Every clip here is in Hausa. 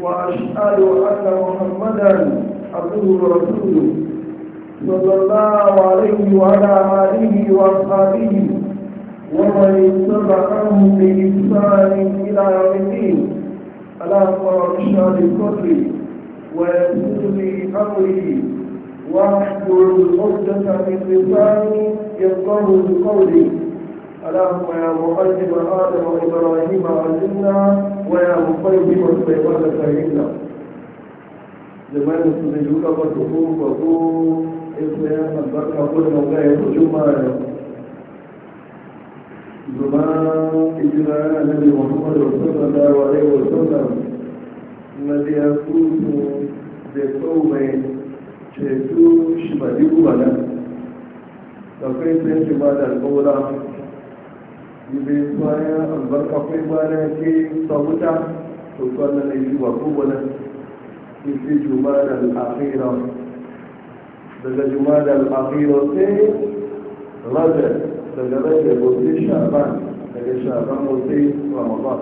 وأشهد أن محمدا عبده ورسوله صلى الله عليه وعلى آله وأصحابه ومن اتبعهم بإحسان إلى يوم الدين اللهم اشهد صدري ويسر لي أمري واحفظ الحجة من لساني يفقه بقولي اللهم يا مقدم آدم وإبراهيم علمنا ويا مقيم وسليمان فهمنا لمن سجدوك فتقوم فقوم اسم يا البركة قل مولا يرجم زمان إجراء النبي محمد صلى الله عليه وسلم الذي يقول بقوم ceto shi ba duk wadanda da kai sai shi ba da alƙawura ibe bayan albarka kai bana ke samuta to sannan da yi wa kowane isi jumada al'afira daga jumada al'afira sai rajar daga rajar wasu shaban daga shaban wasu ramadan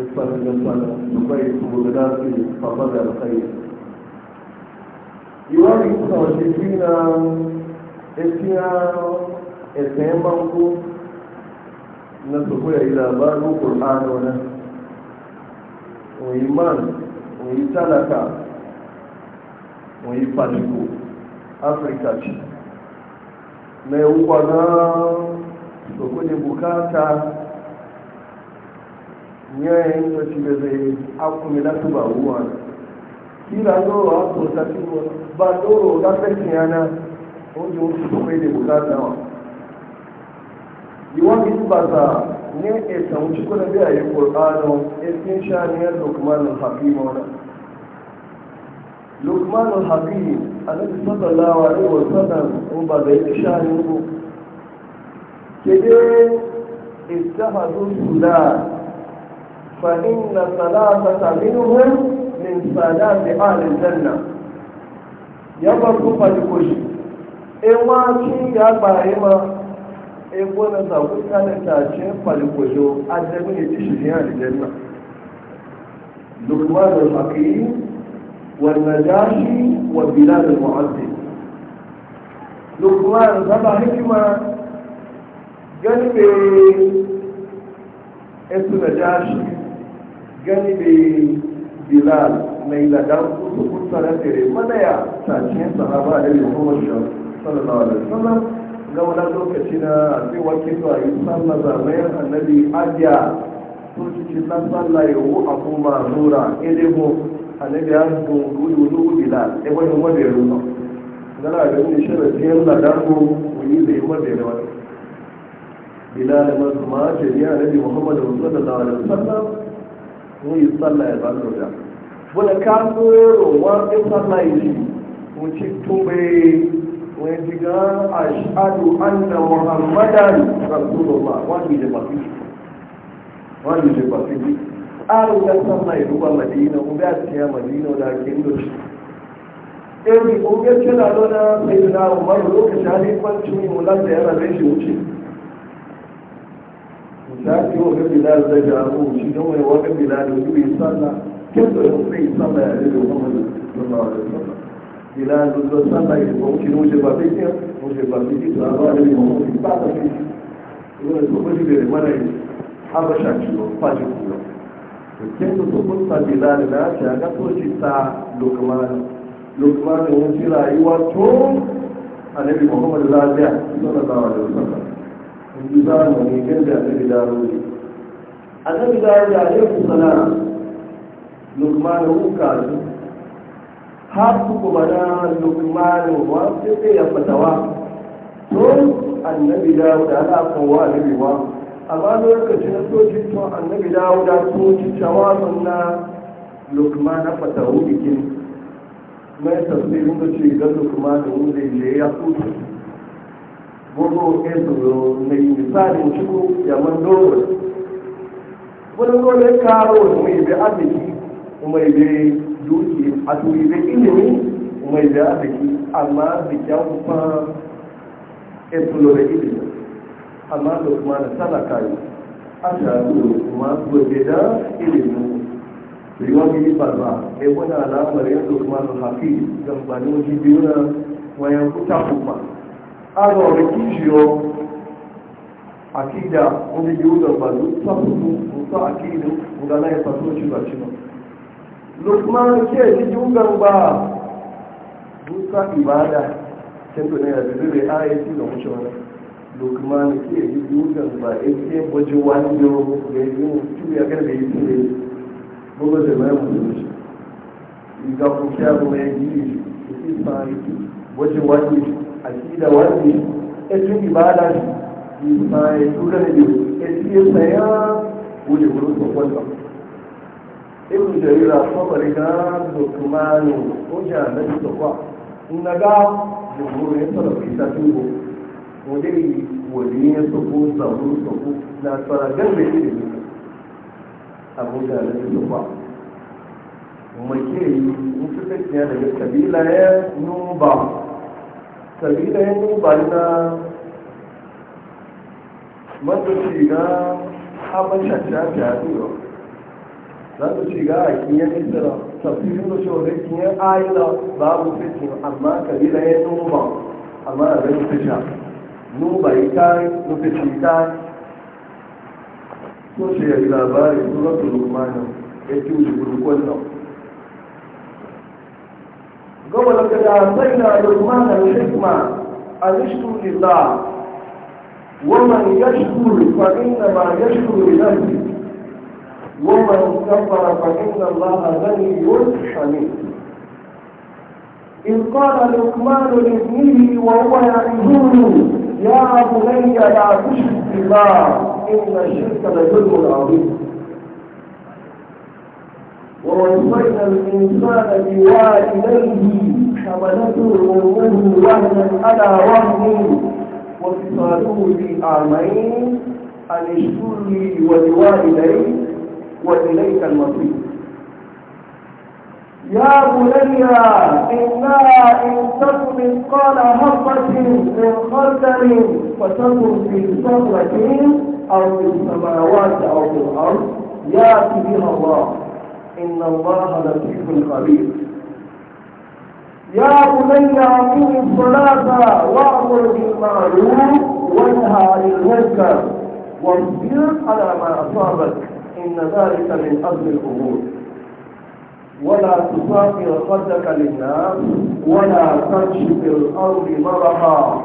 isfanin da sanar su bai su guda su fafa da alkhairi iwari kusa wasu fina esiya esiyan banko na su kuya yi labarin ƙur'ano na. wani man wani talaka wani faliko afirka ce na yi kwana su kudi bukata yayin da shi da zai akumila su ba ruwa kila noro a sosai ba noro na sakin yana wajen wasu kai da bukata wa yiwon isbata ne e samu cikin da biya yi ƙorƙanon etin shaniyar lukmanin haƙima wani lukmanin haƙi a nabi lawa ne wa sallan ko ba da yi shanin ku ke dai istahadu sula fa inna salatata minhum min sadati ahli janna ya farko fa ko shi e ma ci ya yi ma ebo na zaku kanata ce falikojo adamu ne ci shi fiye aljanna lukman al-hakim wal najashi wa bilal al-mu'azzim lukman zaba hikima ganibe esu najashi ganibe bilal mai ladan su kusa na tere mana ya sace sahaba da muhammad sallallahu alaihi wasallam ga wani lokaci na cewa kito a yi sallah zamayin annabi ajiya sun ci ci na sallah yawo a kuma nura ilimu annabi ya zuwa gudu nuhu bila ya wani mabe rufa gana da wani shirin ciyar da dango wani zai mabe da wani bila da masu ma ce ya annabi muhammadu da alaihi wasallam mun yi sallah ya zan nura wani kasuwar ruwa ya sallah ya ci mun tumbe mai diga ashadu anna muhammadan rasulullah wani da bafi wani da bafi aro da san mai madina ko ga tiya madina da kindo shi eh ko ga tana dona sai na umar lokacin halifanci mu lan da yana da shi wuce misali ko ga bilal da jaru shi don wai wani bilal da yi sallah kin da sai sallah ya da Muhammad sallallahu alaihi wasallam bila lulọ sábà ìdìbò ń kiri oúnjẹ bàbá ìjẹ oúnjẹ bàbá ìjẹ tó àwọn àlejò àwọn òbí bá àgbà kejì ìwọ ìgbò bó ti bẹ̀rẹ̀ mọ́ra yìí abẹ́ṣà jùlọ pàjù kùlọ. òkè tó tó kó ta bila rẹ̀ náà ṣe àga tó ti ta lokumani lokumani òun ti ra ìwà tó àlejò mọ̀kọ́mọ́ ní láàbíà lọ́nà táwọn àlejò sábà. ìlú sáà nù ní gẹ́gẹ́ àlejò dáró yìí. àlejò dáró yìí àlejò sọ̀nà lokumani òun kà á har su kuma na lukmanin wasu sai ya fatawa tun annabi dawo da ala kowa annabi wa amma lokacin na soji to annabi dawo da soji sun na lukman na fatawu bikin mai tasirin da ce ga lukmanin wuzai je ya kudu gudu ezo na yi misalin cikin ya mandoro wani dole karo mai bi abiki mai bi dukiya a turi da ilimi mai da biki amma da kyau fa etulo da ilimi amma da kuma da talaka a shaɗu kuma gobe da ilimi riwa gidi barba e wani alamar yanzu kuma da hafi zambanin wajen biyu na wayan kuta kuma a ga wani kishiyo akida wani biyu da bazu ta hutu mutu akidu ga na ya faso shi ba shi ba lukman ke ji jugan ba duka ibada can tuna ya zai zai ayyaci da wuce wani lukman ke ji jugan ba ya ke waje wani yau da ya yi mutu ya garbe yi tule bugu da mai mutu shi iga kuka kuma ya yi shi isa yi waje wani a akida wani ya tun ibada shi isa ya tuka da yau ya ce saya wuce wurin kwakwallawa ibn jarira kwamari na dokumanu oúnjẹ àmẹ́jì tọ́kwà nnaga jùmúrù ní sọ̀rọ̀ ìta tí ó wọlé wòlé ko sọ́kú sàmú ko. na sọ̀rọ̀ gẹ́gbẹ̀ sí ìlú abuja àmẹ́jì tọ́kwà mace yi in su tafiya daga kabila ya nuba kabila ya nuba na matashi na abin shafi a duniya zan shiga é, a kinye misira tafsirin da shawar A aila babu fitin amma kabila ya nuba amma a zai fita nuba yi kayan nufi shi kayan ko shi ya yi labari suratul lukmanin ya ci wuce gurkon nan gama a kada sai na lukmanin hikma a nishku lillah ومن يشكر فإنما a لنفسه ومن كفر فإن الله غني حميد إذ قال لقمان لابنه وهو يعظه يا بني لا تشرك بالله إن الشرك لظلم عظيم ووصينا الإنسان بوالديه حملته أمه وهنا على وهن وفصاله أعمين أن اشكر لي ولوالديه وإليك المصير يا بني إنها إن تك مثقال حبة من خردل فتكن في صخرة أو في السماوات أو في الأرض يأتي بها الله إن الله لطيف خبير يا بني أقم الصلاة وأمر بالمعروف وانهى عن المنكر واصبر على ما أصابك إن ذلك من أرض الأمور ولا تسافر خدك للناس ولا تمشي في الأرض مرحا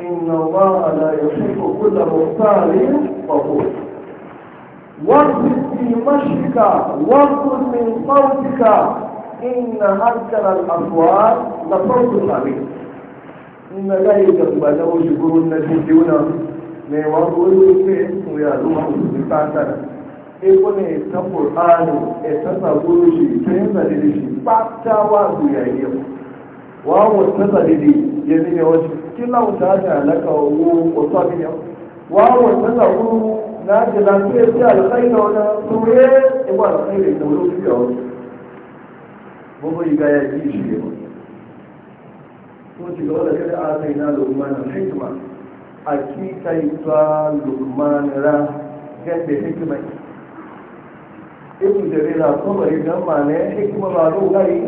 إن الله لا يحب كل مختار فخور واغفر في مشيك واغفر من صوتك إن أنكر الأصوات لصوت الأمين إن لا يجب أن يجبرون النبي دون ما يوضعون في ويا الله سبحانه ebone ta ƙor'anu e ta saboro shi ta yin zalili shi ba wa zuyayya wa wata zalili ya zine wasu kila wuta ta alaka wo wasu abin yau wa wata saboro na ji lafiyar ta alkai na wani soye ibu alkai da ita wani fiye wasu gbogbo yi gaya ji shi ne ko ci gaba da kada a sai na lukmanin hikima a yi ta lukmanin ra gaɗe hikimai ibn jarir al-tabari dan mane kuma ba ro gari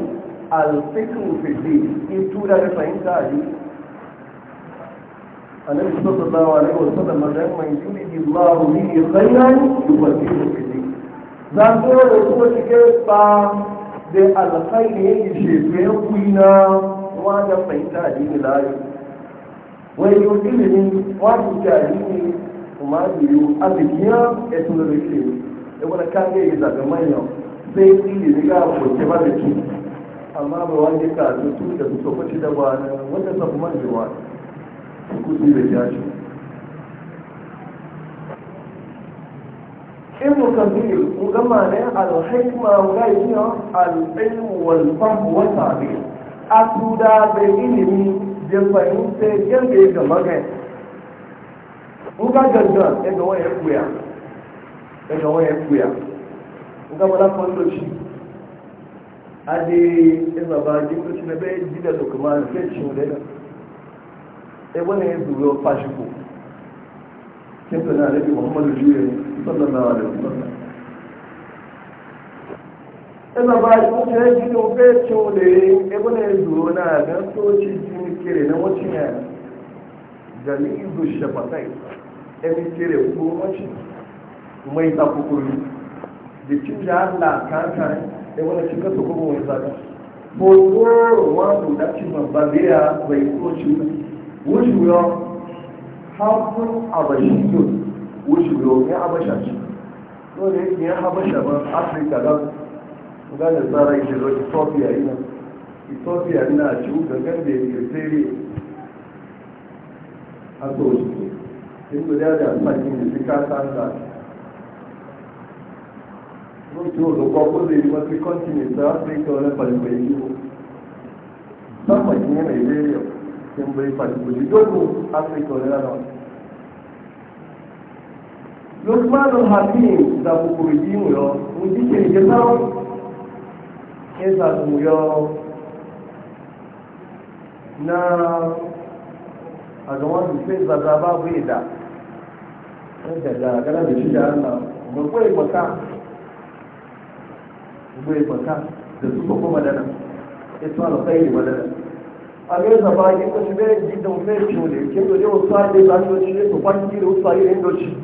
al fi in tura da fahimta ali annabi sallallahu alaihi wasallam dan man yuridu Allah bihi khayran yufaqihu fi din dan ko da kuma cike ba da al yake shefe kuina wa da fahimta ali lai wani yau ilimin wani jari ne kuma biyu a bikin ya da da wani kage ya zaɓi manyan zai tsiri riga a koke ba da ki amma ba ka tutu da su sofaci da ba na wanda sa kuma da wa su kusi da jashi ibn kabir ko gama ne al-hikma wa yiya al-ilm wal wa ilimi da fahimta yadda ya gama ga Uga gangan ya ga wani ya kuya daga wayan kuya kuka bala kwandoci ade ina ba gindoci na bayan gida da kuma sai shi wadai da ebe ne ya zuwa fashi ko kinta na rabi muhammadu juya sallallahu alaihi wasallam ina ba gindoci na gida bayan shi wadai ebe ne ya zuwa na gan soci jini kere na wacin yana jami'in zuwa shafatai ebe kere ko wacin mai ta kukuri da cin da Allah kankan da wani cin kasu kuma wani zaka bozoro wani da cin babban biya bai koci wujuyo yau wuce wujuyo ya abasha ce dole yake ya habasha ba afirka ga gane tsara yake zo ethiopia ina ethiopia ina ci gangan da yake tsere a to shi inda da da alfahari da suka san da tí ó lò kọ́kọ́ lè wọ́n ti kọ́ntínẹ̀tì áfíríkà ọlẹ́pàdùgbò yìí ó sáàmà ìyẹn nàìjíríà ti ń bẹ̀rẹ̀ ìpàdùgbò yìí lóko áfíríkà ọlẹ́lànà lókùmánù hakeem ìdàkùkù yìí mú yọ mo ti ìjẹ sáwọn kí sàtùmù yọ na àdánwò ìfẹ́ ìgbàgbà bá wí ìdá ẹ̀ẹ́dẹ̀gbà gánà lè ṣíjà ńlá mo pé ìgbọ̀ká mai baka da su kuma madana ita na tsaye madana a mai zaba yi ko shi bai ji da mai cule ke to ne wasu ake za su ci su kwanci da wasu ayyukan doci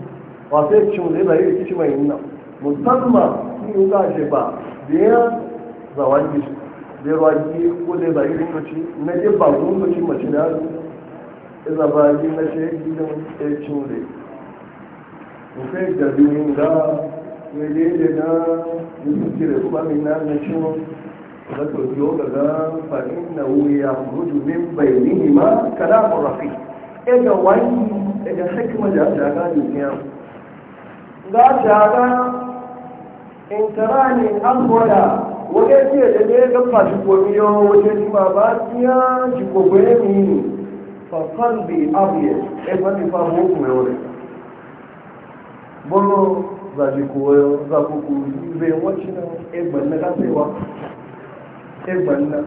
wasu ya cule da yi kici mai ba da ya zawan gishi da ko da ba irin na ji ba gun mace da yaro ya na shi daidai da na musulci da kuma min na na shi da tokiyo ga ga fa'in na wuya rudu min bai nihi ma kalamun rafi e ga wani e ga hikima da ta ga duniya ga ta in tara ne abuwa wani ce da ne ga fashi komiyo wajen jima ba siya ji kogwene mini fafan bi abu ya e ba fa mu kuma bolo za ji koyo za ku ku egban na kasewa egban na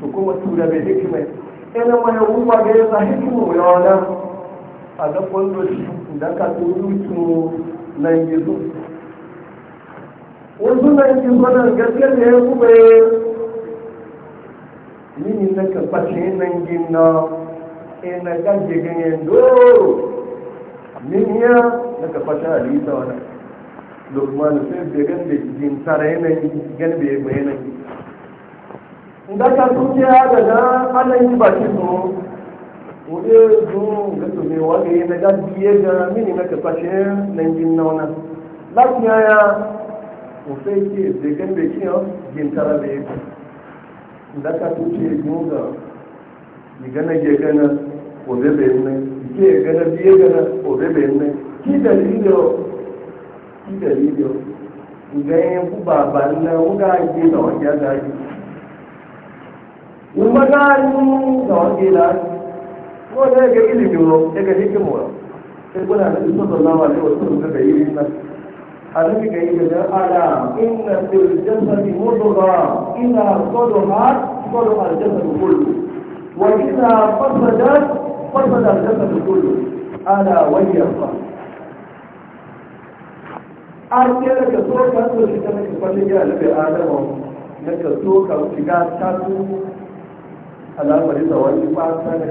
su kuma tura bai hikimai ina mai ruwa ga yasa hikimu ya wada a ga kwallo shi da ka turu su nan gizo wasu nan gizo nan gaskiyar da ya kuma yi na ka fashe ina min ya kafa ta halitta wani lukman sai da gan da jin tara yanayi gan da mai yanayi da ka tuke haka na ana yi ba shi su wuɗe zuwa ga tume wani na gajiye ga mini na kasashe nan jin nauna Lati ya sai ke da gan da kiyo jin tara da yake da ka tuke zuwa ga gana gana obe bai nne ke gana biye gana obe bai ki dalilio ki dalilio ku baba nna wuga ake da wani ya wuma gani da wani ya zaki ko da ga ilimin ya ga hikimu ro sai kuna da isa sallama ne wasu sun ga ilimin nan annabi ga yi da ala inna fil jasadi mudghah إذا صلحت صلح الجسد كله وإذا فسدت فصل الجسد كله ألا وهي القلب an kera ka so ka so shi ta nake kwallon yana nabi adama na ka so ka shiga ta su da wani na ka da wani fata na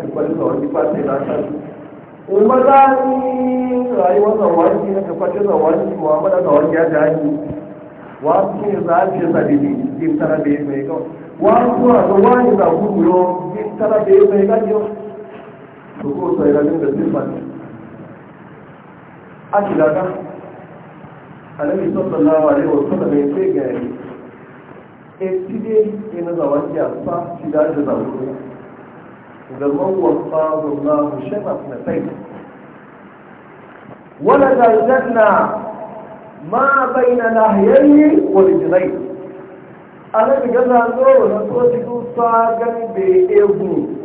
da wani wani ya jani ne za a ce sadidi jin tara da mai kawai wasu a da wani za ku guyo jin tara da mai kawai rukusa ya ramin da sifat a shidaga annabi sallallahu alaihi wasallam ya ce ga yi etide yana zawon yasa shida da zaune zaman wasa zama shema na sai wala da janna ma bayna nahyayi wal jinai alẹ́bí gẹ́gẹ́ na náà tó ti kú sọ gẹ́gẹ́ bí ba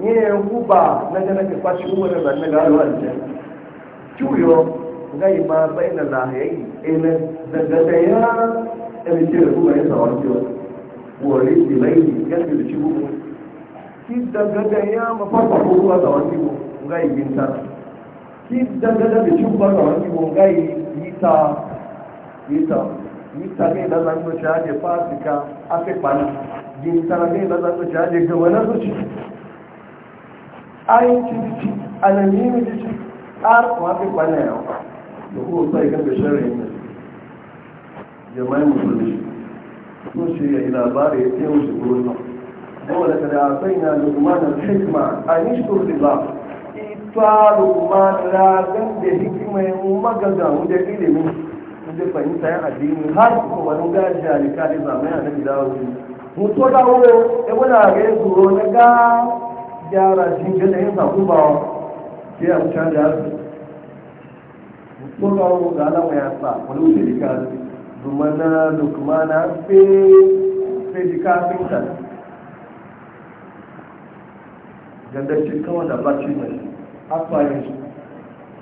ní egwu bá lẹ́jẹ́ náà ti pàṣẹ owó rẹ̀ lẹ́nu ẹ̀gá lọ́wọ́ àjẹ́ kíwìọ́ nga yìí máa bẹ́ẹ̀ nà láàyè ẹ̀mẹ́ dẹ̀dẹ̀dẹ̀ yá ẹ̀mí tí rẹ̀ fún ẹ̀yẹ́ sọ̀rọ̀ jọ wọ̀ rí ti lẹ́yìn gẹ́gẹ́ bí ṣubú mu kí dẹ̀dẹ̀dẹ̀ yá máa pàpà owó wa sọ̀rọ̀ jù nga nga ta ta. mutane da zan zuci haje fasika a fi kwana gintane da zan zuci haje gaba na zuci ayin ci a alamini ci ci har kuma A kwana yau da kuma sai ga bishirin ne jama'in musulmi sun shi ya yi labari ya ce musu gurin nan kuma da kada a sai na a hikma a nishkur riba ita A ragar da hikimai magagan da ilimin da fahimta yan addini har kuma wani gaji a likali zamai a nabi dawo mutu da wuro ya wani a gaya zuro na ga gyara shi ga da yin saku ba ke a wuce da yasu mutu da wuro ga alama ya sa wani wuce likali dumana lukmana sai likafin ta ganda shi kawai da bacci mai akwai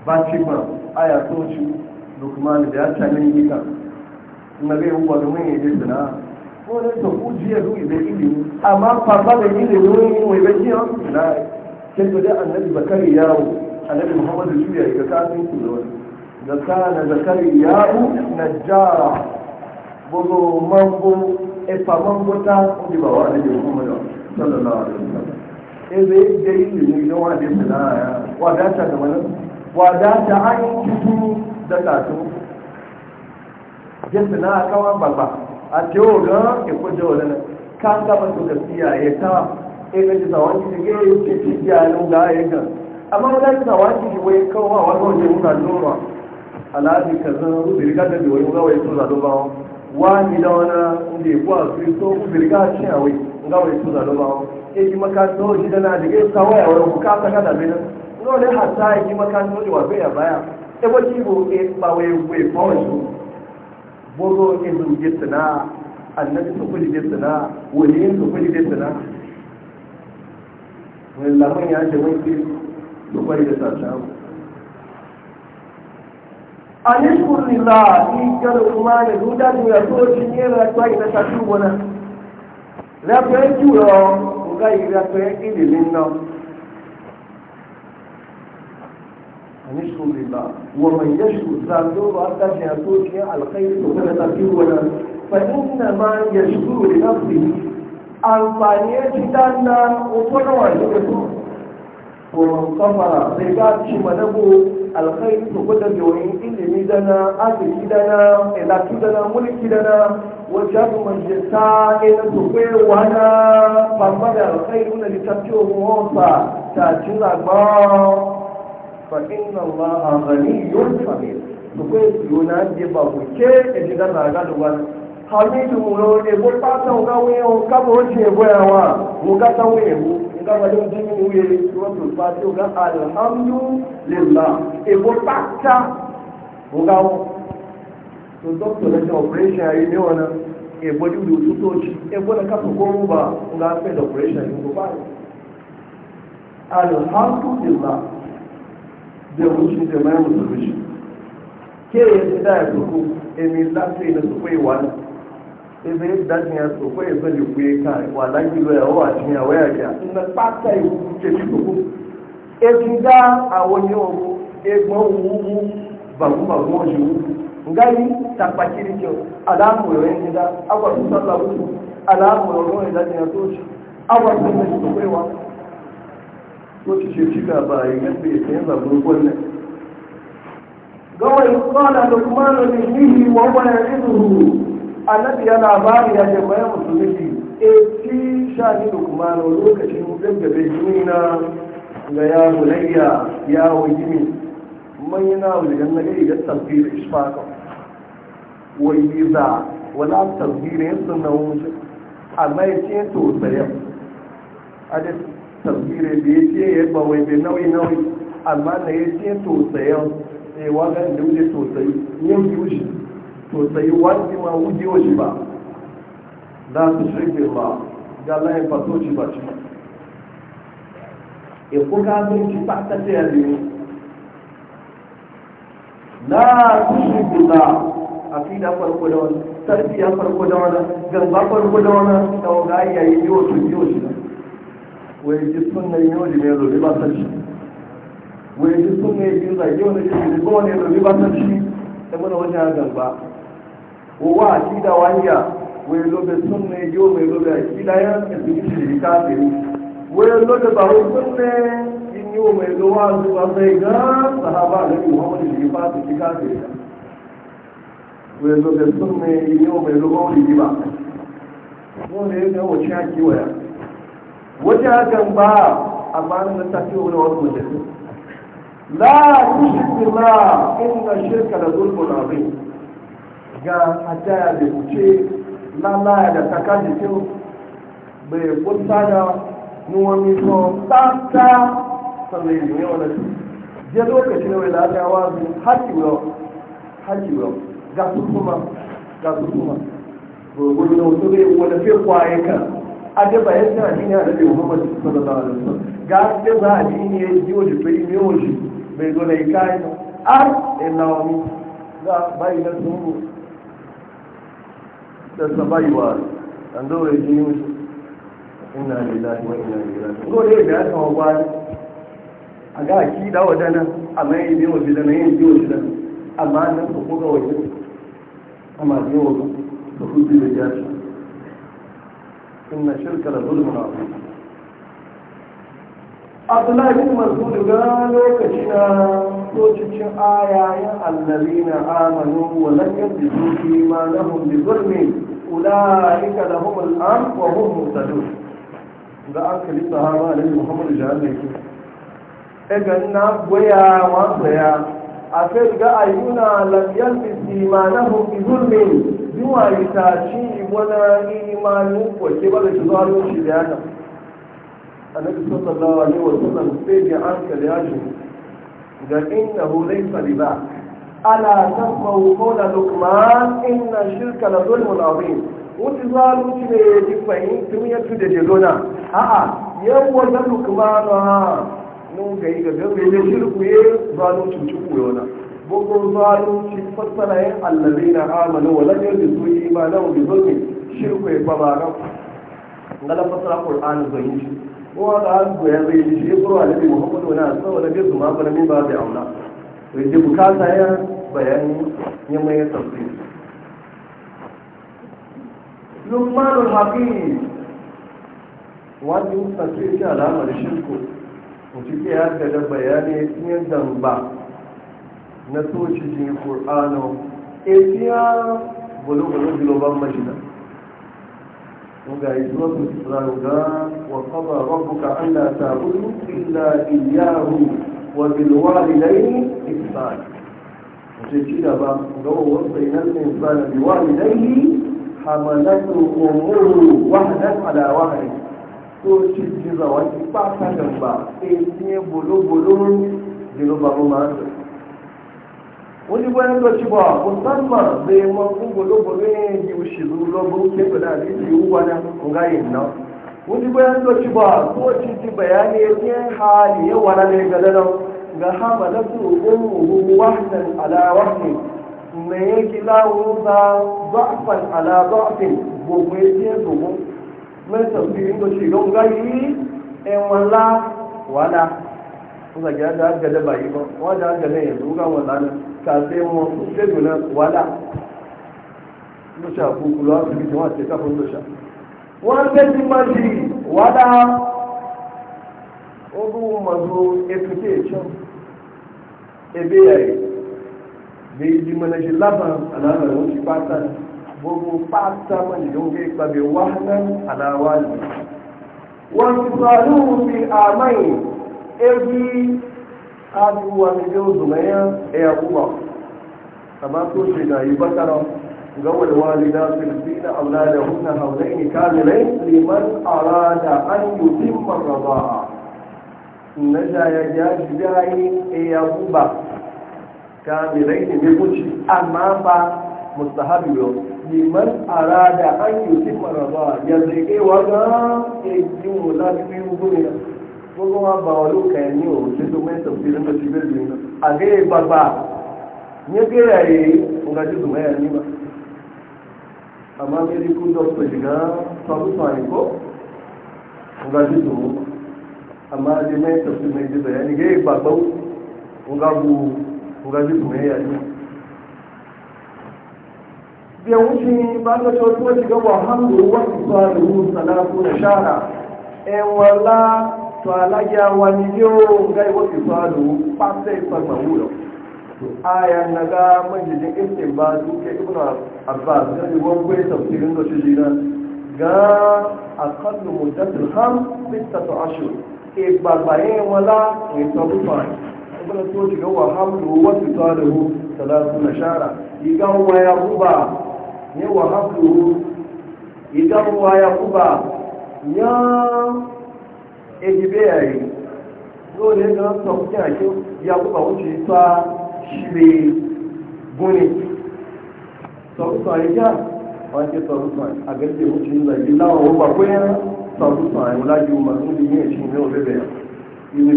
bacci ma aya toci lukman da ya canin gika na zai huwa da mun yaje suna ko ne ta ku ya zu ibe ilimi amma fasa da ilimi ne mai bakiya na ke to da annabi bakari yawo annabi muhammadu shi ya ga kafin su da wani da kana zakari yawo jara. bogo mambo, e mambo ta ndi ba wa annabi muhammadu sallallahu alaihi wasallam e zai da ilimi ne wa da suna ya wa da ta da wani wa da ta an kitu tẹ́ta tó jẹ́sì náà káwọn bàbà àti òògán ìkójọ ọ̀lẹ́nà káńtà bá tó kàtí ààyè táà ẹgbẹ́ ti sàwọn ti gé èké ti di àlùgà ààyè gan amma wọ́n láti sàwọn ti ìwé kọ́wọ́ àwọn tó ń jẹ́ wọn àti lóra aláàbí kazan rúbìríkà tẹ̀lé wọ́n wọ́n wọ́n tó zàdó bá wọn wá ní dáwọn ndé kó àfi tó rúbìríkà tí àwé nga wọ́n tó zàdó bá wọn èyí makantó jìdá náà dìgé káwọ́ àwọn òkú káàkiri dàbí náà wọ́n lè hàtà èyí makantó ìwà a báyà ebo ti bo e ba we we bonjo bogo e du jitna annabi su kuli jitna waliyin su kuli jitna wani lamun ya ce wani ki su kwari an yi kurni la ni gara kuma ne duda ne ya so shi ne na tsayi na tashi gona lafiyar kiwo ga yi lafiyar min nan نشكر لله ومن يشكر ذاته حتى يكون الخير وتنتفيه فإن ما يشكر لنفسه أنفانية جدانا وطنع يشكر ومن قفر زيقات شمنه الخير وتنتفيه وإن إلي ميدنا أكي كدنا إلا كدنا ملك كدنا وجاب من جساء إلا تقوي وانا فمدى الخير من اللي موصى تاتينا الله فإن الله غني حميد نقول يونان دي بابو كي إذا نغا دوان حميد مولو إبو باتا وغاوي وكابو جي بويوا وغاتا ويبو nga wale mjini uye watu alhamdulillah ebo pata uga to doctor na ta operation ayi ne wana e ebo di udu tutochi ebo na kapo ba uga fe operation alhamdulillah zai wuce da mai musulunci ke ya ce da ya tuku emi lafi na su kwai wani ebe ya dajin ya su kwai zai yi kuye ka wa lagi zo ya wawa cin ya waya ya na pata yi ke ci tuku eti da a wani ogu egbon wuwu bagun bagun oji wu ngayi tapakiri ke alamu yau yin gida agwasu sallah wuce alamu yau yin dajin ya toshi agwasu mai su kwai wani ko ce cika ba yi yadda ya sayan zaɓin kwanan gawai kwana da kuma da nihihi wa wani rizuhu annabi ya labari ya jama'a musulunci a ci eh, shani da kuma na lokacin da bai jini na ga ya hulayya ya wuyi min man yana wuligan na gari ga tasbir ishfaka wai za wala tasbir yin sunan wuce amma ya ce to sayan tafsiri da ya ce ya bawai bai nauyi nauyi amma na ya ce tosayen ya waga da wuce tosayi yin yushi tosayi wani ma wuce yoshi ba za su shirgin ba ga layin fasoci ba ci e kuka sun ci ba ta ce ya zini la su a fi da farko da wani tarbiya farko da wani gamba farko da wani da waga yayi yoshi wai ji sunna yi yau ne zobe ba shi wai yi zai yau ne shi ne ko ne zobe ba ta shi da mana wajen gamba wa akida wanya wai zobe sunna yi yau mai zobe akida ya tafi shi ka tafi wai zobe ba wai sunna yau mai zuwa zuwa sai ga sahaba da yi muhammadu shi ba su shiga da ya wai zo sun mai yau mai zuwa wani ba wanda ya ga wace haƙi waya wata hakan ba amma da ta fi wani wani mutum la tushrik billah inna shirka la zulmun azim ga hatta ya da kuce la la da takaji tin bai kunta da nuwani so tata sannan yi ne wani je lokaci ne wai lafiya wazi wa wa ga su kuma ga su kuma wasu bai wani fi kwaye kan adé bàyẹ̀ sí àdínì àdébì òmùmọ̀ sí sọ́dọ̀dọ̀ àdébì gáàsì bá àdínì èyí òjì pé ní òjì bèèrè lè ká ẹnu á ẹ̀nà omi gá báyìí ina lè láti wọ́n ina lè láti wọ́n lè bẹ̀rẹ̀ sọ wá a ga kí dáwọ̀ dáná ga inna شرك لظلم zulmun abdullahi bin masud lokaci na lokacin ayayen annabi na amanu wa lam yabdu imanahum bi zulmi ulaika lahum al-am wa hum muhtadun da aka li sahaba da muhammad jahanna yake e na goya wa a ga ayuna lam yabdu imanahum wani imanin kwake ba da shi zuwa shi da yana a na fi annabi ne wasu nan sai da an kare ya shi ga innahu laysa riba ala ko qawla luqman inna shirka na la zulmun azim wuti zalunci ne ya ji tun ya tu da ke jelona a'a yawwa da luqman ha nun ga yi ga gabe da shirku ya zuwa zalunci ci kuwa bugun zalunci fassara yin allabi na amanu wa lafiyar da su yi ba nan da zulmi shirku ya ba ba ga na fassara ƙur'anin zai yi shi kowa da an zai yi shi ya furo alabi muhammadu wani asa wani su ma farmi ba zai auna sai dai bukata ya bayani ya mai ya wani alamar shirku mutum ke da bayani ya na soci jin ƙur'ano etiya bulu-bulu giloban majina ga yi zuwa su tsarauga wa kaba rabbuka an da tabudu illa iyahu wa bilwari dai isbani wace ci gaba ga wawan bayanan mai zana biwari dai hamalatu umuru wahadan ala wahari soci jizawa ki ba ta gamba etiya bulu-bulu giloban majina wani bayan doci ba musamman zai makon gudu-gudu ne yi wushi zuwa buke guda da yi yi wani ngayin nan wani bayan doci ba ko ci bayani ya yin hali ya wani ne ga nan ga hama na su umu wahdan ala wahdi me ya kila wuza zafan ala zafin gobe ya ce zuwa mai tafsirin doci don gayi in wala wala kusa gida da aka gada bayi ba wajen aka gada yanzu ga wala nan tàbí wọn kò tẹ́lù náà wàhálà lóṣà kúkú lọ́wọ́ síbi tí wọ́n ti káfọ́ lóṣà wọ́n tẹ́tí máa di wàhálà ogun mọ̀tò ètùtù ètò ebe yàrá bí ìdí mọ̀lẹ́sẹ̀ lábàá àlàáfà ló ti pátá gbogbo pátá mọ̀lẹ́sẹ̀ ó gbé pàbí wàhálà àlàáwá ni wọ́n ti sọ àlùfín àmáyé ebi kaduwa ne yau zumaya ya kuma kama so shi da yi bakara ga wani walida na aula da hunna haulai ne kamilai liman arada an yi timman raba na jaya ya shi yayi a kuma kamilai ne mai kuci amma ba mustahabi yau liman arada an yi timman raba ya zai kai waga ya yi wula biyu gudun gbogbo wa ba wọn ló kàn ní o títí mẹ́tò sí ní mo ti bẹ́ẹ̀ bí nyege ya ye nga ti dùn ẹ̀yà nígbà àmọ́ mẹ́ríkù dọ́kítọ̀ jìgá sọ́kùsọ̀ àyíkó nga ti dùn àmọ́ àti mẹ́tò sí mẹ́tò bẹ̀rẹ̀ nìgé gbàgbà nga bu nga ti dùn ẹ̀yà nígbà. bai wuce ba ta hannu wasu faru salatu wala to alaja wanijo ngai wofi falu pasai farma wuro aya naga majidin istinbatu ke ibn abbas gani wangwe tafsirin da shi na ga aqallu muddat al-kham sittatu ashhur e babaye wala e tabufa ibn to shiga wa hamlu wa fitaluhu salatu nashara igan waya kuba ne wa ya egibe yayi yóò lè gan sọ fún àjọ yakuba ó ti fa ṣíre gúnni sọ̀rọ̀sọ̀ àyíká wọ́n ti sọ̀rọ̀sọ̀ àgẹ́sẹ̀ ó ti ń lọ ìlú láwọn ó gbàgbé sọ̀rọ̀sọ̀ àyíwò lájú ma ń bí yẹn ṣì ní òun bẹ̀bẹ̀ ibi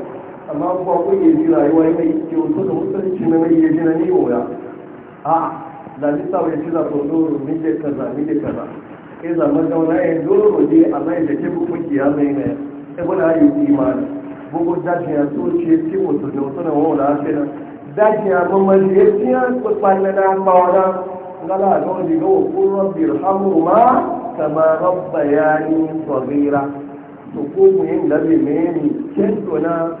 amma kuma kun yi ji rayuwa yana yi ke wasu da musulunci na mai yaji na niyo ya a zabi sa ci za to doro ni da kaza ni da kaza ke zama zauna ya doro ne a mai da ke bukuki ya mai na ya bula yi imani bugu dajin ya so ce ci wasu da wasu na wawala a kenan dajin ya mamaji ya ci ya kwakwani na bawana ngala ga wani ga wakon rabbi rahamu ma kama rabba ya ni tsogira to ko mu yin labe mai ni kento na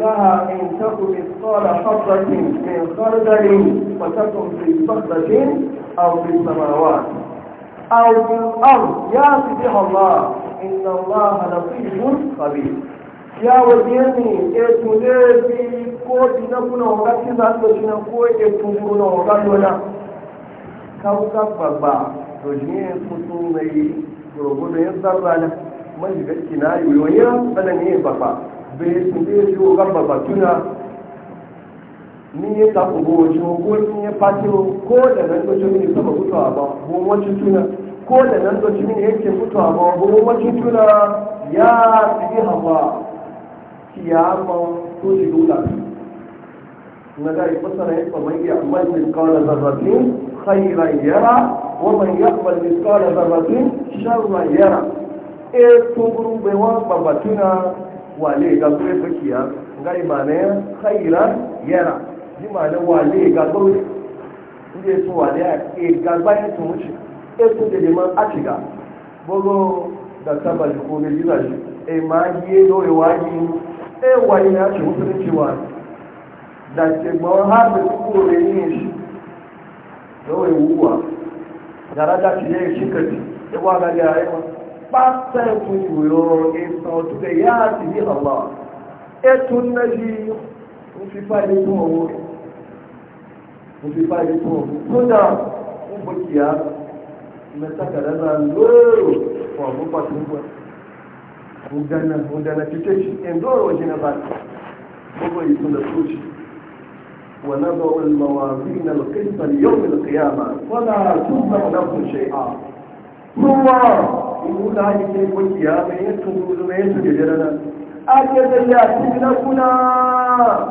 إنها إن تكن إثقال حبة من خردل فتكن في صخرة أو في السماوات أو في الأرض يا سبح الله إن الله لطيف خبير يا وزيرني اتمدير في كوت نبونا وغاتي ذات وشنا كوت اتمدونا وغاتي ولا كوكب بابا تجنيه فتوني دروبونا يصدر على من جبت كناري ويوين فلن يبقى bai sun bai yi wa gaba batuna ni ya tafi gowace ko ni ko da nan da shi saba a ba gowacin tuna ko da nan da shi yake a ba gowacin tuna ya fi hawa kiyama ko shi dole na ga fasara ya kamar ya man min qala zarratin khayran yara wa man yaqbal min qala zarratin sharran yara e tunkuru bai wa wale ga kuma fakiya ga imanin khairan yana ji ma'anin wale ga gauri inda yasu wale a ke gagba ya tun wuce e tun da neman a shiga gbogbo da taba shi ko bai jiza shi e ma yi dore wagi e wani ya ce musulunci wa da ke gbawon har da kuku da yin shi dore wuwa gara da shi ya yi shi kaji ya waga da ya yi ba sai kun yi wuro e سيئاته الله اتنجي وصفاء لطوه وصفاء لطوه هنا وبكيا مسك لنا اللور ومبط مبط mudana mudana kiteshi endoro wajina bati bogo yitunda tushi ونضع الموازين القسط ليوم القيامة ولا تظلم نفس شيئا هو inda haka ke kungiya mai yin tungulu mai yin tuge jirana a ke zai ya ci na kuna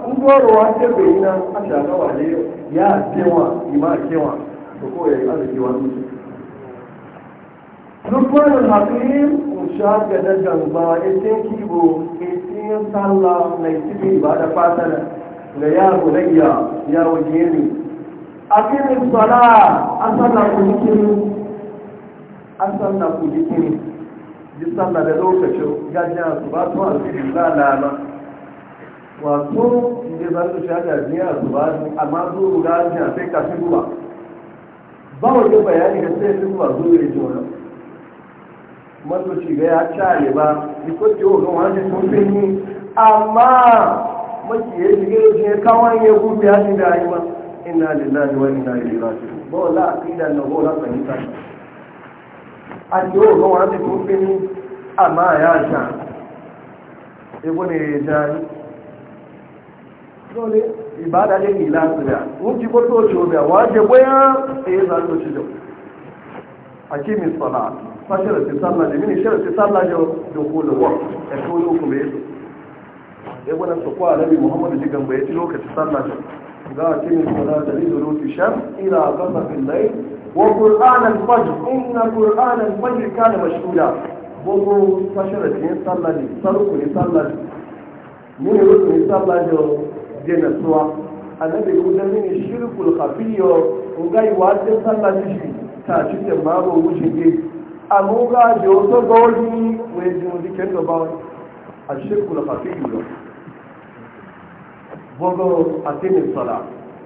ngorowa ce bai yi na a shagawa ne ya kewa ima kewa to ko ya yi arziki wani lukmanin hakim usha ga dagan ba itin kibo itin sallah mai tibi ba da fatana ga yaro rayya ya waje ne akimin sala a sallah kuma kirin an sanna ku jikini ji sanna da lokacin gajiyar su ba su alfihim za lama wato inda za su sha gajiyar su ba su amma zuru gajiya sai ka fi ruwa ba wani bayani da sai fi ruwa zuwa ya ji wani mato shiga ya cale ba ni ko ce wa wani sun fi ni amma maki ya shiga ya je kawai ya gudu ya shiga ya yi ba ina lillahi wa inna ilaihi raji'un ba wala aqida na gora fahimta àti òòrùn wọn ti fún pé ní àmà àyà ewu ni èrè lórí ìbádalé ní ìlà ń ti kó tó ṣe omi àwọn ajẹ́ bóyá èyí náà ṣe jọ àti mi sọ̀rọ̀ fásitì ti sálà jẹ́ mini ṣẹ́rẹ̀ ti dòkó lọ́wọ́ ẹ̀kọ́ na sọ̀kọ́ muhammadu ila وقرآن الفجر إن قرآن الفجر كان مشهودا بوبو فشرت من صلى لي صلوك لي صلى لي من يرسل لي صلى لي دينا سوا النبي يقول من الشرك الخفي وقاي وعد صلى لي شيء تاشيت ما هو وجهي أموغا جوتو غولي ويجنو دي كندو باوي الشرك الخفي بوبو أتم الصلاة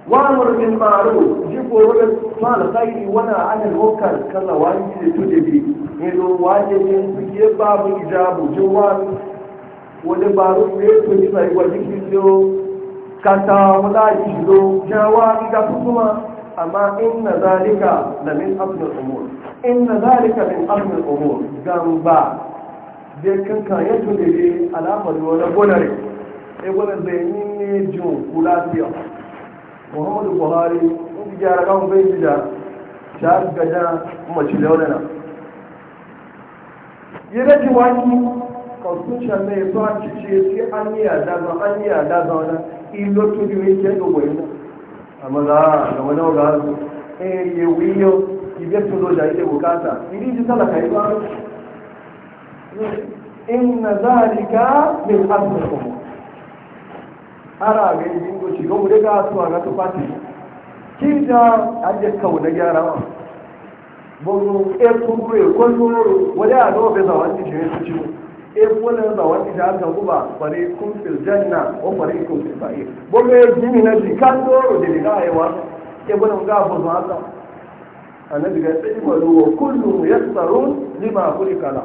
wamur min maru ji koro da mal sai wana anil hokkar kala wani ce to de bi ne do waje ne ke babu ijabu ji wan wani baro ne to ji sai wani ki do kata wala ji do jawabi da kuma amma inna zalika la min afdal umur inna zalika min afdal umur gamba ba kan kankan yato de alama do na bonare e wala zai ni ne jo kulatiya muhammadu buhari in ji gyara kan bai ji da ta gaja mace launana yi rage wani constitution ne ya zuwa cice sai an yi yada ba an yi yada ba wani ilo to bi mai ke ga wani amma za a ga ara ga yi jingo ga wuri ga su a gata fati ki da ajiye kawo na gyara ma bono e kuru e kwallo wani a nawa bai zawon ti shi su ci e kwallon zawon ti da aka guba fari kun fil janna o fari kun fil ba'i bono e jini na ji kan doro da daga ayewa ke eh, bono ga abu zuwa ta annabi ga tsaye malu wa kullum yassarun lima kulika kala.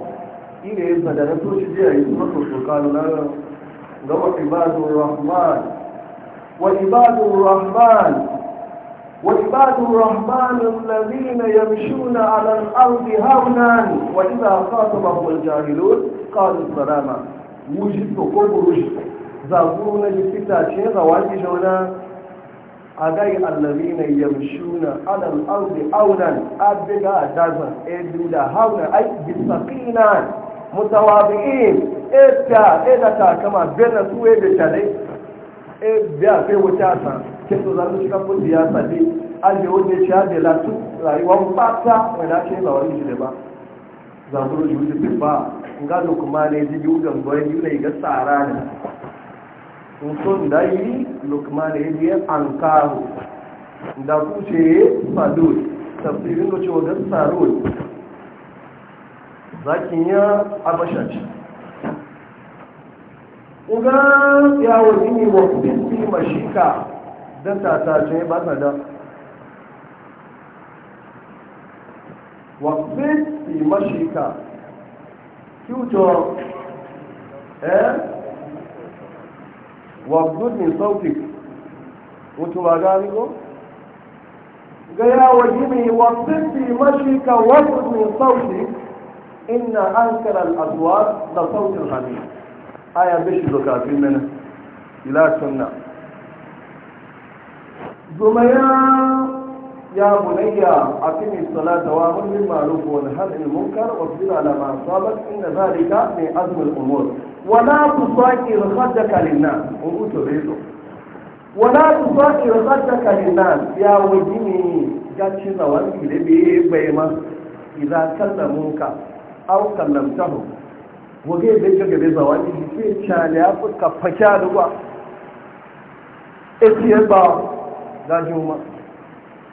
ina yin sadarar toshi jiya yi kuma soso kanu na ga wa ibadun rahman wa ibadun rahman wa ibadun rahman allazina yamshuna ala al-ardi hawnan wa idha khatabahum al-jahilun qalu salama wuji to ko burushi zaburu na jikita ce ga wani jauna agai allazina yamshuna ala al-ardi awnan abiga dazan edu da hawnan ay bisaqina mutawabi'in ita eh, ita eh, ta kama bena su ebe eh, tare e biya sai wuta san ke so zan shiga kun siyasa ne an da wanda shi da latu rayuwa bata wai da shi ba wani jide ba zan buru ji wuce ba ga da kuma ne ji yugan boye yuna ga tsara ne mutum da yi lukman ne ji an karu da kuce fadul tafsirin da cewa ga tsaro zakin ya abasha ce uga ya wani ne wa kuɗi mashika don tatace ba ta da wa kuɗi mashika kyuto eh wa kuɗi sautik mutuwa gani ko ga ya wani ne wa kuɗi mashika wa kuɗi sautik إن أنكر الأصوات لصوت الغني آية زكاة في منه إلى سنة زميا يا بني أقم الصلاة وأمر بالمعروف وانهى عن المنكر واصبر على ما أصابك إن ذلك من أزم الأمور ولا تصاكر خدك للناس وقلت بيته ولا تصاكر خدك للناس يا وجيني جاتشي وانك لبي بيما إذا كلموك aw kallamtahu wage da yake gabe zawani sai chale ya fuka facha ruwa etiye ba da juma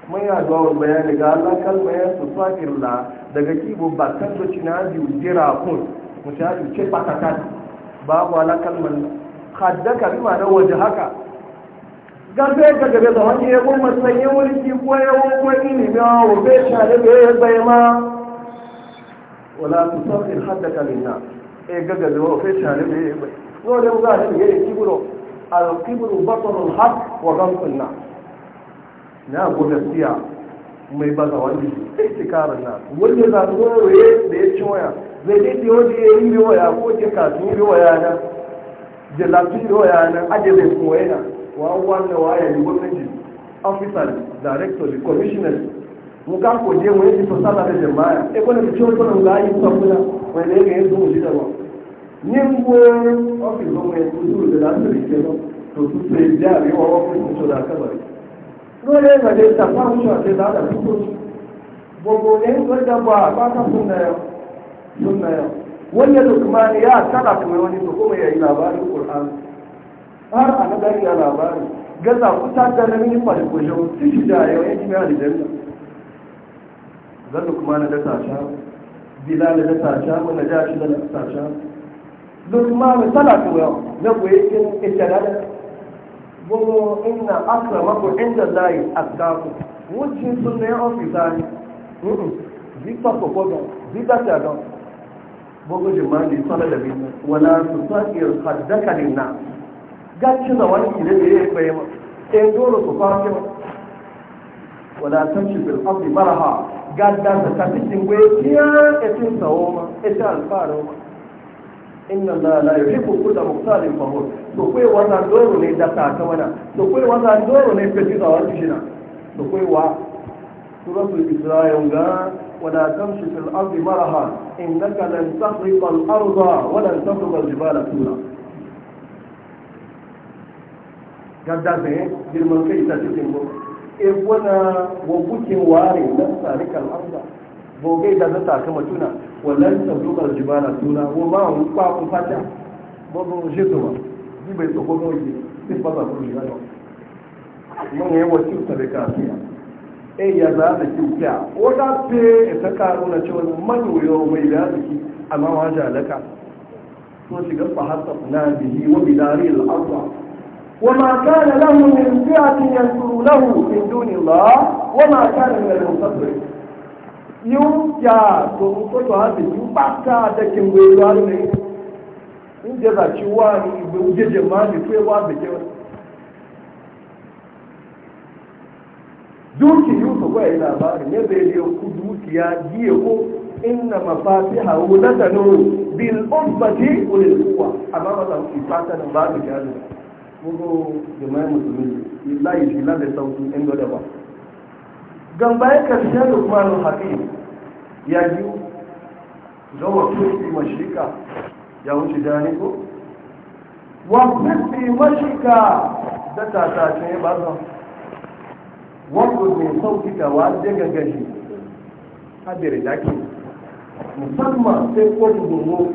mun ya ga wani bayani ga Allah kalma ya su fakirla daga kibo ba kan to cina biyu jira kun mutaji ce ba babu ala kalman haddaka bi ma na waje haka gabe ka gabe zawani ya gumma sanyen wani kibo ya wani ba wa be chale bai bai ma wala tusakhin haddaka linnas e gaga da kai tare da yayi bai no da ga shi yayi kibro al kibru batrul haqq wa ghamtun na. na go gaskiya mai baza wani sai tikarin nas wanda za su waye da ya ci waya zai dai da wanda ya yi waya ko ke kasu yi waya na da lafi yi waya na aje zai koyi yana? wa wannan waya ne gwamnati officer director commissioner muka ko je mu yi fasala da jama'a e kone ga yi sabuna wai ne ga yanzu mu ji da ba nin go office ko mai kudu da da su rike ba to su sai da bi wa wa ko da ka bari dole ga dai ta fara shi a sai da da su bobo ne ko da ba ba ta sunna yau sunna yau wannan lukman ya tada kuma wani to kuma yayi labarin qur'an har a ga ya labarin gaza kuta da namin farko shi da yau yake mai aljanna zanu kuma na da sasha bila da sasha ko na jashi na da sasha lukman tana koyo na koyi kin ikirada bo inna akramakum inda lahi atqakum wujin sunne ofisa ni zikpa ko ga zikpa ta ga ma jimani sala da bi wala tusaqir khaddaka linna gacci da wani ile da yake kai ma en eh, dole su fa wala tamshi bil ardi maraha gadda da tafi cinwe biya etin sawo ma etin alfaro ma inna la la yuhibbu kulla muqtalin fahur to kai wanda doro ne da ta ta wana to kai wanda doro ne fiti da wani shina to kai wa suratul isra'il ga ولا تمشي في الأرض مرها إنك لن تخرق الأرض ولن تخرق الجبال طولا قد ذلك جرمان كيسا تتنبو ebona wa kuke ware nan tsarikan arda bogai da zata kama tuna wallan tsabdukar jibana tuna wa ma hun kwakun fata babu shi zuwa ji bai tsoko gauki sai ba za su shiga da mun yi wa cikin sabai kafiya e eh, ya za da kyauta o da fe ta karo na cewa manyoyo mai da ki amma wajen alaka so shigar fahasta na bihi wa bidari al'arwa وما كان له من فئة ينصرونه من دون الله وما كان من المنتصرين yóò jà tòun tó tó àti yóò bá ká àtẹkìn gbèrú àlùmí ń jẹba tí wà ní ìgbè òjèjì máa ní fún ẹwà àbẹjẹ wọn. dúkì yóò sọ̀kọ́ ẹ̀yìn àbá rẹ̀ níbi èdè òkú dúkìá yí èkó ìnà màfà sí àwọn náà gbogbo jama'i musulmi layi shi lalle sauki in dole ba gan bayan karshen lukmanu hafi ya ji zama tuki mashika ya wuce jani ko wa kusi mashika da tatace ba zan wato mai sauki da wa daga gashi hadir daki musamman sai ko dubu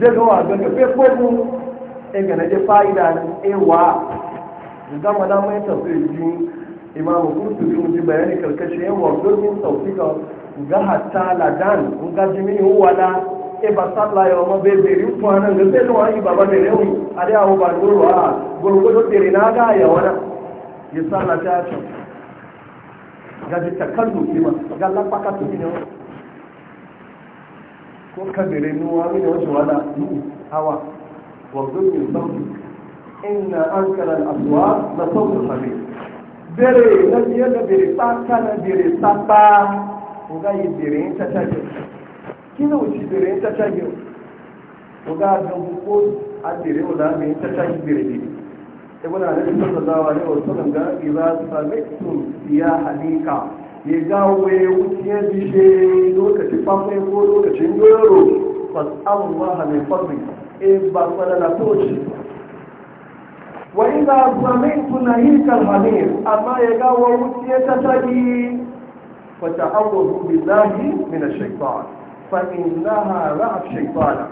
zai gawa daga fefofin ga na je fa'ida ne ewa ga madan mai tafsir ji imamu kurtubi mun ji bayani karkashin yawa gurbin tawfika ga hatta ladan mun ga jimi wala e ba salla ya ma be be ri kwana ga sai no ai baba da rewi ari awu ba gurwa gurgudo tere na ga ya wana ya salla ta ta ga ji takallu kima ga la pakatu ne ko kabire nuwa ne wasu wala hawa وظلم صوتك إن أنكر الأصوات لصوت الحبيب bere na biyar da bere tsaka na bere tsaka kuga yi bere ta tage kina wuce bere ta tage kuga don ko a bere da mai ta tage bere ne ibn ali sallallahu alaihi wasallam ga idza sami'tum ya halika ya ga waye wuce bishe lokacin fafe ko lokacin doro e ba kwana na toci wa ina zamintu na hirkar hamir amma ya ga wa wuce ta tagi fata awwazu billahi min ash-shaytan fa innaha ra'a shaytana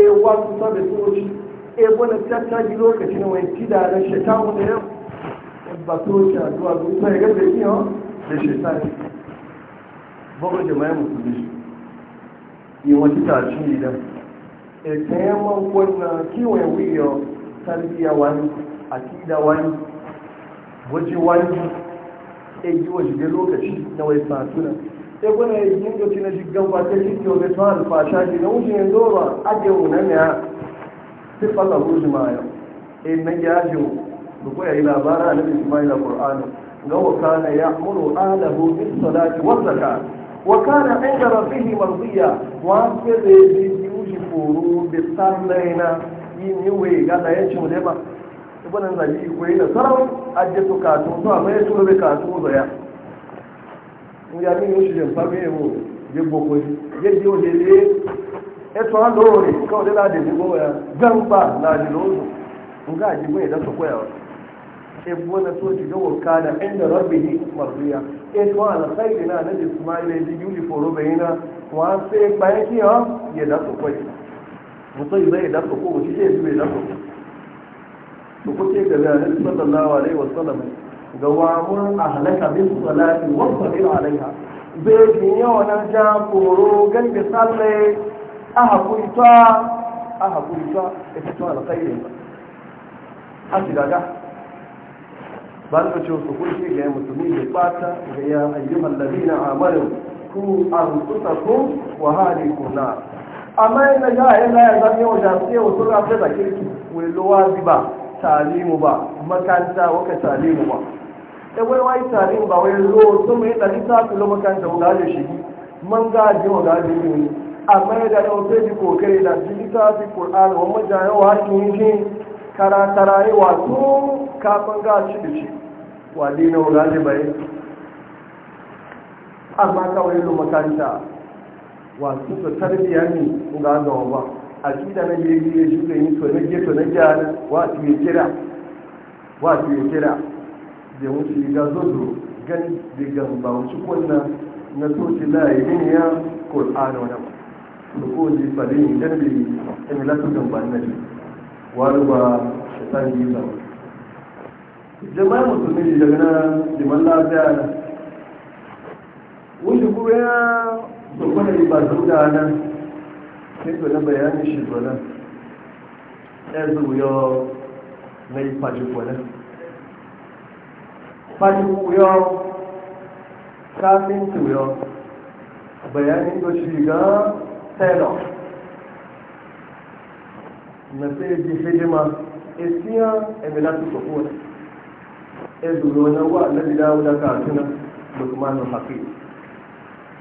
e wa ta da toci e wani ta tagi lokacin wani kida da shaytanu da ba toci a duwa zuwa ya ga da kiyo da shaytani babu jama'a musulmi yi wata tashi idan taimman wannan kiwon wiyo tarbiya wani akida wani waje wani e yi wa shige lokaci na wai fatuna e kuna ya e yi doci na shigan ba ta cikin wani ta alfa shaji na wuce ba zora ajiye wunan ya fi fasa bushi ma yau e na yajin da kwaya yi labara na ismail da ƙur'anu ga na ya muru alahu min salati waka na wakana inda rabbihi marziya wa sai da ya ki foro da yi ne wai ga da yancin mu ba ibn zabi ko da sarau amma ya to zo ya mu ya min shi jin fabe mu je boko je je o de le e to ha ya gamba na de lozo nga ji mai da a ko ya ebona to ji ga wakana inda na yuli foro bayina wọ́n ṣe pàyẹ́ kí ọ́ yẹ dásòkò yìí mo tó ìlú yẹ kó mo ṣiṣẹ́ ìlú yẹ dásòkò tí gẹ̀rẹ́ àrẹ sallallahu alaihi wasallam ga wa mun ahlaka bi salati wa sabir na ja koro gan ita ban ku anfusakum wa halikum nar amma ina ga yana ya zama yau da sai wato ga ta da kirki wai lowa ziba talimu ba makanta waka talimu ba e wai wai talimu ba wai lo to mai da lita ku lo makanta ga da shi man ga ji wa ga ji ne amma da yau sai ji kokari da lita fi qur'an wa majayo wa kin karatarayi wato kafin ga shi da shi wa dina wa ga ji bai amma kawai lo makaranta wasu su tarbiya ne ga gawa ba a kida na gege ya shi yi to na geto na gyara wasu ya kira wasu ya kira da wuce ga zozo gan da ba wuce kunna na toci layi ne ya kur'ana wani ba ko ji falin idan da yi in lafi ba na shi wani ba shi san yi zama jama'a musulmi daga na liman lafiya wani kuma ya da ba zuwa nan sai to bayanin shi zuwa ya zuwa na yi faji kwanan faji kafin tuyo bayanin da shiga taylor na sai ji hidima esiya emilatu tsokwana ya zuwa na wa na bidawo da kasunan ma hafiz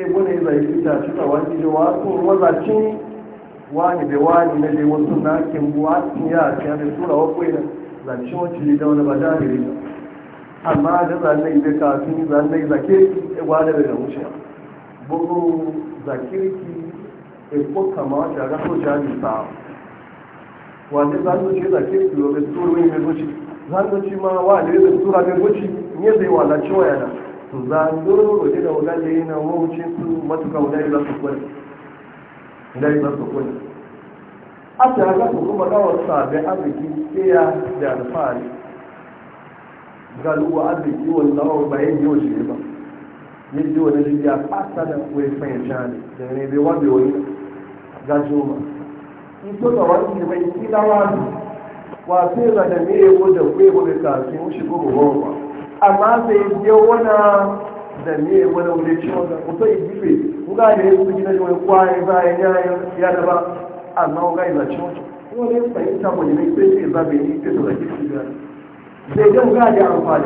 ebole za zai ta cuta wani da wasu wani da wani na da wasu na kin wasu ya ce da tura wa na zance wacce da wani ba ba amma da zanne da kafin zake wani daga wuce bugu zakirki ebo kama wata ga ko jami sa wani zanne ce zakirki lobe turu ne mai guci zanne ma wani da tura mai guci ne zai wala ciwaya na su zando waje da wuga da yi na mawucin su matuka wuga za su za su a ta haka su kuma gawar sabi arziki tsaya da alfahari galuwa arziki wallawa bayan yau shi ba yadda ji wani jirgi a fasa da wai fahimta ne da ne bai wani wani mai amma sai ya wana da ne wani wuri ciwon da kusa yi gife wuga ya su gina kwaye za a yi ya da ba amma wuga yi zaci wata wani ne sai yi zai ga amfani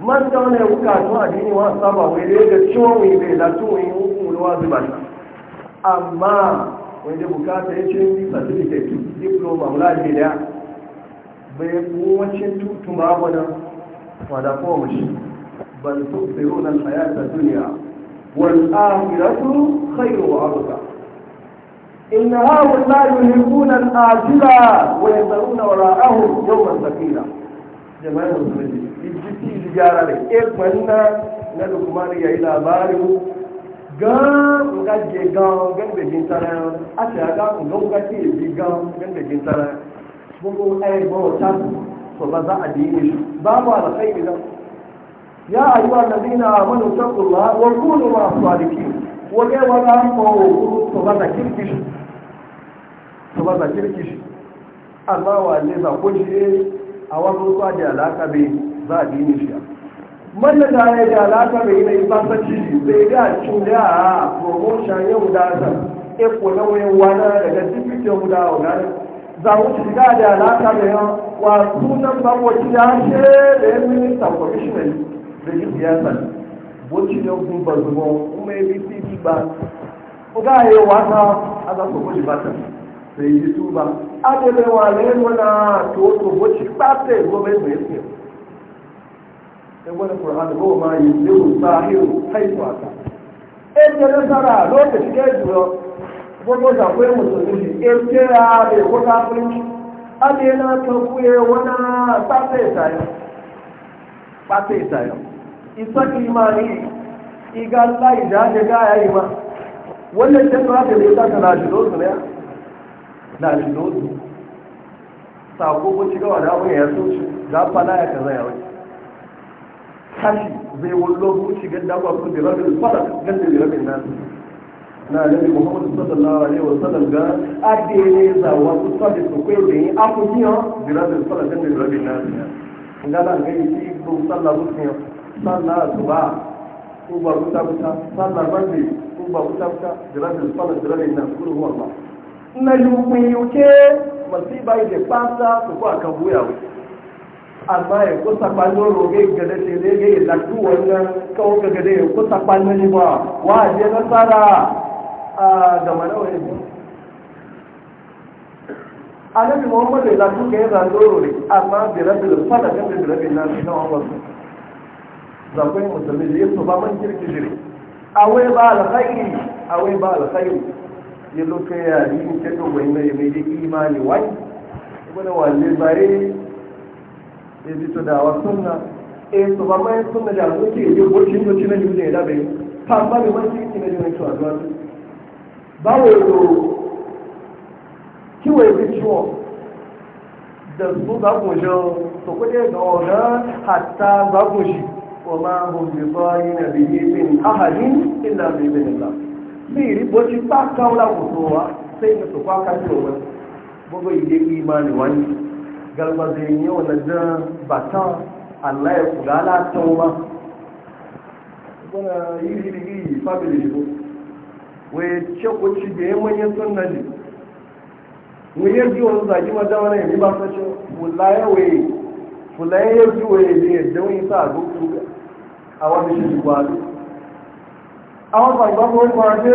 man da wani wa saba wai ya ciwon wani bai latu wani hukun amma wani bukata ya ce yi certificate diploma wula da bai kuma cin tutuma wani ولا قومش بل تؤثرون الحياة الدنيا والآخرة خير وأبقى إن هؤلاء يحبون الآجلة ويذرون وراءهم يوما ثقيلا جماعة المسلمين يجتي لجارة إيه فلنا نلقمان يا إلى بارو gan ga je gan gan be jin tara a ta ga ko ga ti bi gan gan be jin tara bo ko ai bo ta to za a dine shi babu alkhairi da ya ayyuha alladhina amanu taqullaha wa kunu ma sadiqin wa ga wa ran ko to ba za kirkish to ba za kirkish Allah wa ne za ku je a wannan ba da alaka bai za a dine shi man da ya da alaka bai ne ba sa ci bai ga cin da promotion yau da ta e ko na wayan wana daga cikin da wana za mu shiga da alaka bai wa sunan mawaci ya ce da ya minista kwamishinan da ji siyasa boci ne kun ba zuwa kuma ya bisi ba ga ya wata a za su ba ta sai yi su ba a da bai wa ne mana to to boci ba ta yi gobe mai fiye sai ma yi zai sahiru haifuwa ta e ce sara lokaci kai zuwa musulmi e ya adena kafuye wana pate tayo pate tayo Isaki imani iga Allah ida da gaya ima wannan da ba da yasa kana jiro su ne na jiro su sako ko shiga wa da wani ya so shi da fala ya kaza ya wani kashi zai wallo ko shiga da ba ku da rabin fara ganda da rabin nasu na nabi muhammadu sallallahu alaihi wasallam ga ade ne za wa su da su kai da yi aku biyo jira da sallah da jira da na ga da ga yi ko sallah su ne sallah suba ko ba ku ta ta sallah mandi ko ba ku ta ku ta jira da sallah jira na kullu na yuku yuke masiba ide pasa su ko aka buya amma ya kusa kwanon roge gada ce zai ga yi laktu wannan kawo ga gada ya kusa kwanon ba wa je nasara a gama nawa ne annabi muhammadu ya zaku ke yana zoro ne amma da fada kan da rabbi na su na wannan zakwai musulmi da yasu ba man kirki kiri awai ba alkhairi awai ba alkhairi ya zo kai ya yi ke to mai mai da imani bare ya da wa sunna eh, ba sunna da yi ne da ba kirki báwo lò ó kí wọ́n èdè tí wọ́n dẹ̀sùn gbàgbọ́n jọ tòkójẹ́ ìdánwò náà àtà gbàgbọ́n jù wọ́n máa ń hùn bí bọ́ iná bí yé bí ní ahàdí ìlà bí bí nìlà bí ìrìbó ti bá káwọn láwùjọ wa sẹ́yìn tó kọ́ akájú òwe gbogbo ìdè bí máa ní wáyé galibazin yóò na dán aláìkùgá látọ̀ wa. gbọ́dọ̀ yìí yìí yìí fábìlì yìí wai ce kunci da ya sunna ne wai ji wani zagi ma dama na ba sa ce fulaya wai ya ji ji yadda wani sa a gudu a wani shi kwado a wani fagba ko kwade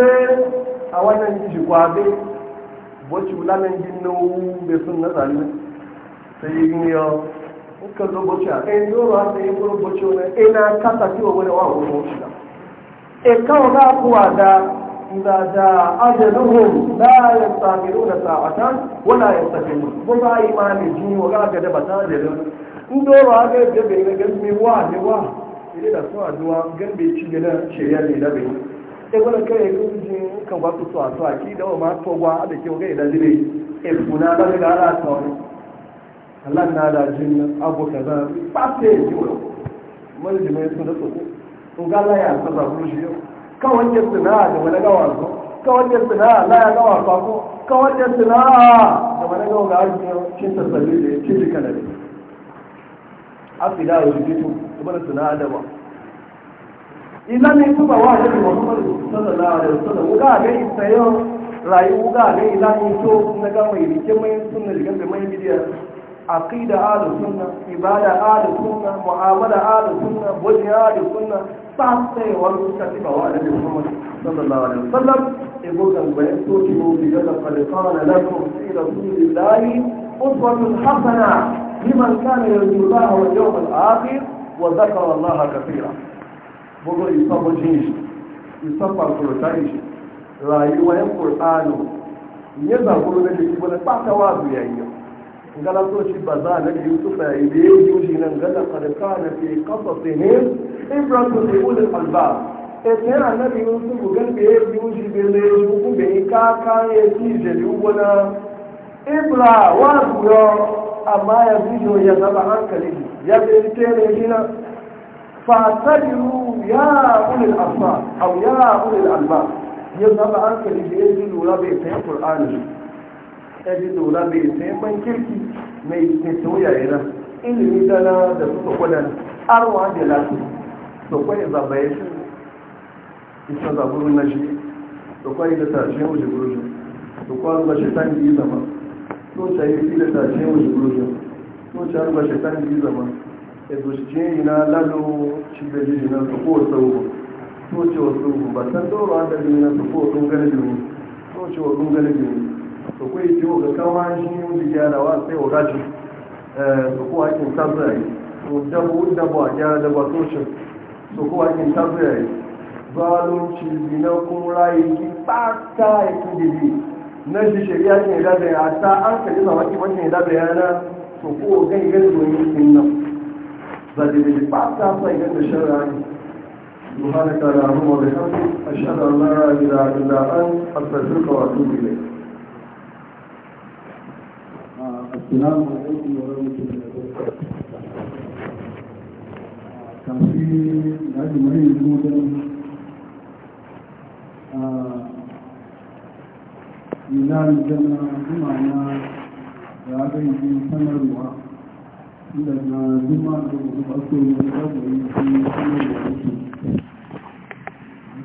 a wannan shi kwade ji wulanan ginnu bai sunna zalimi sai yi gniyo ka zo bocci a a e إذا جاء أجلهم لا يستعملون ساعة ولا يستقيمون وما إيمان الجن ولا كذب تاجلون ندور هذا الجبل قلب واحد واحد إلى الأسواق دوا قلب شجرة شيئا لنبي إذا كان يجي كم وقت سوا سوا كيدا وما توا هذا كي وجه إذا جري إفنا لا لا توا الله نادى جن أبو كذا بس يجوا ما يجي ما يسمع وقال لا يا سبب رجيو kawai ke da wani gawa ko kawai ke sana'a na ya gawa fa ko kawai ke sana'a da wani gawa ga arzikin cin sassali da ya jika na biyu a fi da yau jitu kuma da sana'a da ba ina ne kuma wa da ne muhammadu sallallahu alaihi wasallam wuga ga isa yau rayu wuga ga ila ne na ga mai rike mai sunna da mai bidiyar عقيدة آل سنة عبادة آل سنة معاملة آل سنة وجه آل سنة صحيح والمستقبة وعلى محمد صلى الله عليه وسلم يقول أن بيستوجبوا قد قال لكم في رسول الله أسوة حسنة لمن كان يرجو الله واليوم الآخر وذكر الله كثيرا بقول يصاب جيش يصاب الكرتايش لا يوهم قرآنه يزعى كل ذلك يقول لك بحث واضح يعيه galatoci ba za a nake yusuf ya yi da ya yi yuji nan gada karka na fi kafa sinin ibrahim da ulul alba ete annabi yusuf gan da ya yi yuji da ya yi hukun da ya kaka ya ci jeli ibra wa zuwa amma ya zijo ya zaba hankali ya bai ke ne gina fatabiru ya ulul alba au ya ulul alba ya zaba hankali da ya ji lura bai kai qur'ani ɗari dola bai sai ban kirki mai kintin yayi nan ilimi dala da suka kudan arwa da lati da kwai zaba ya isa zaburin na shi da kwai da tashe wuce gurushin da kwai ba shi biyu zama to ta yi fi da tashe wuce gurushin to ta ba shi biyu zama ya zuciye yi na lalo shi da jiji na su ko sau to ce wasu ba san doro an na su ko sun gani jini to ce wa sun jini sokwe ti o ga kawa shi o ti gyara wa sai o raji so ko akin tabra dabu dabu a gyara da batoshin so ko akin tabra yi zalunci zina kun rayu ki fata ya ki dibi na shi shari'a ke da da ya ta an ka ji zamaki wannan da da yana so ko ga ga domin kin nan za da bi fata sai ga da shari'a سبحانك اللهم وبحمدك أشهد أن لا إله إلا أنت أستغفرك وأتوب إليك السلام عليكم ورحمة الله وبركاته كان في العدد مهم جدا ميلاد الجنة بمعنى العدد في سنة الوعاء عندنا جمعة وأصول الرب في سنة الوعاء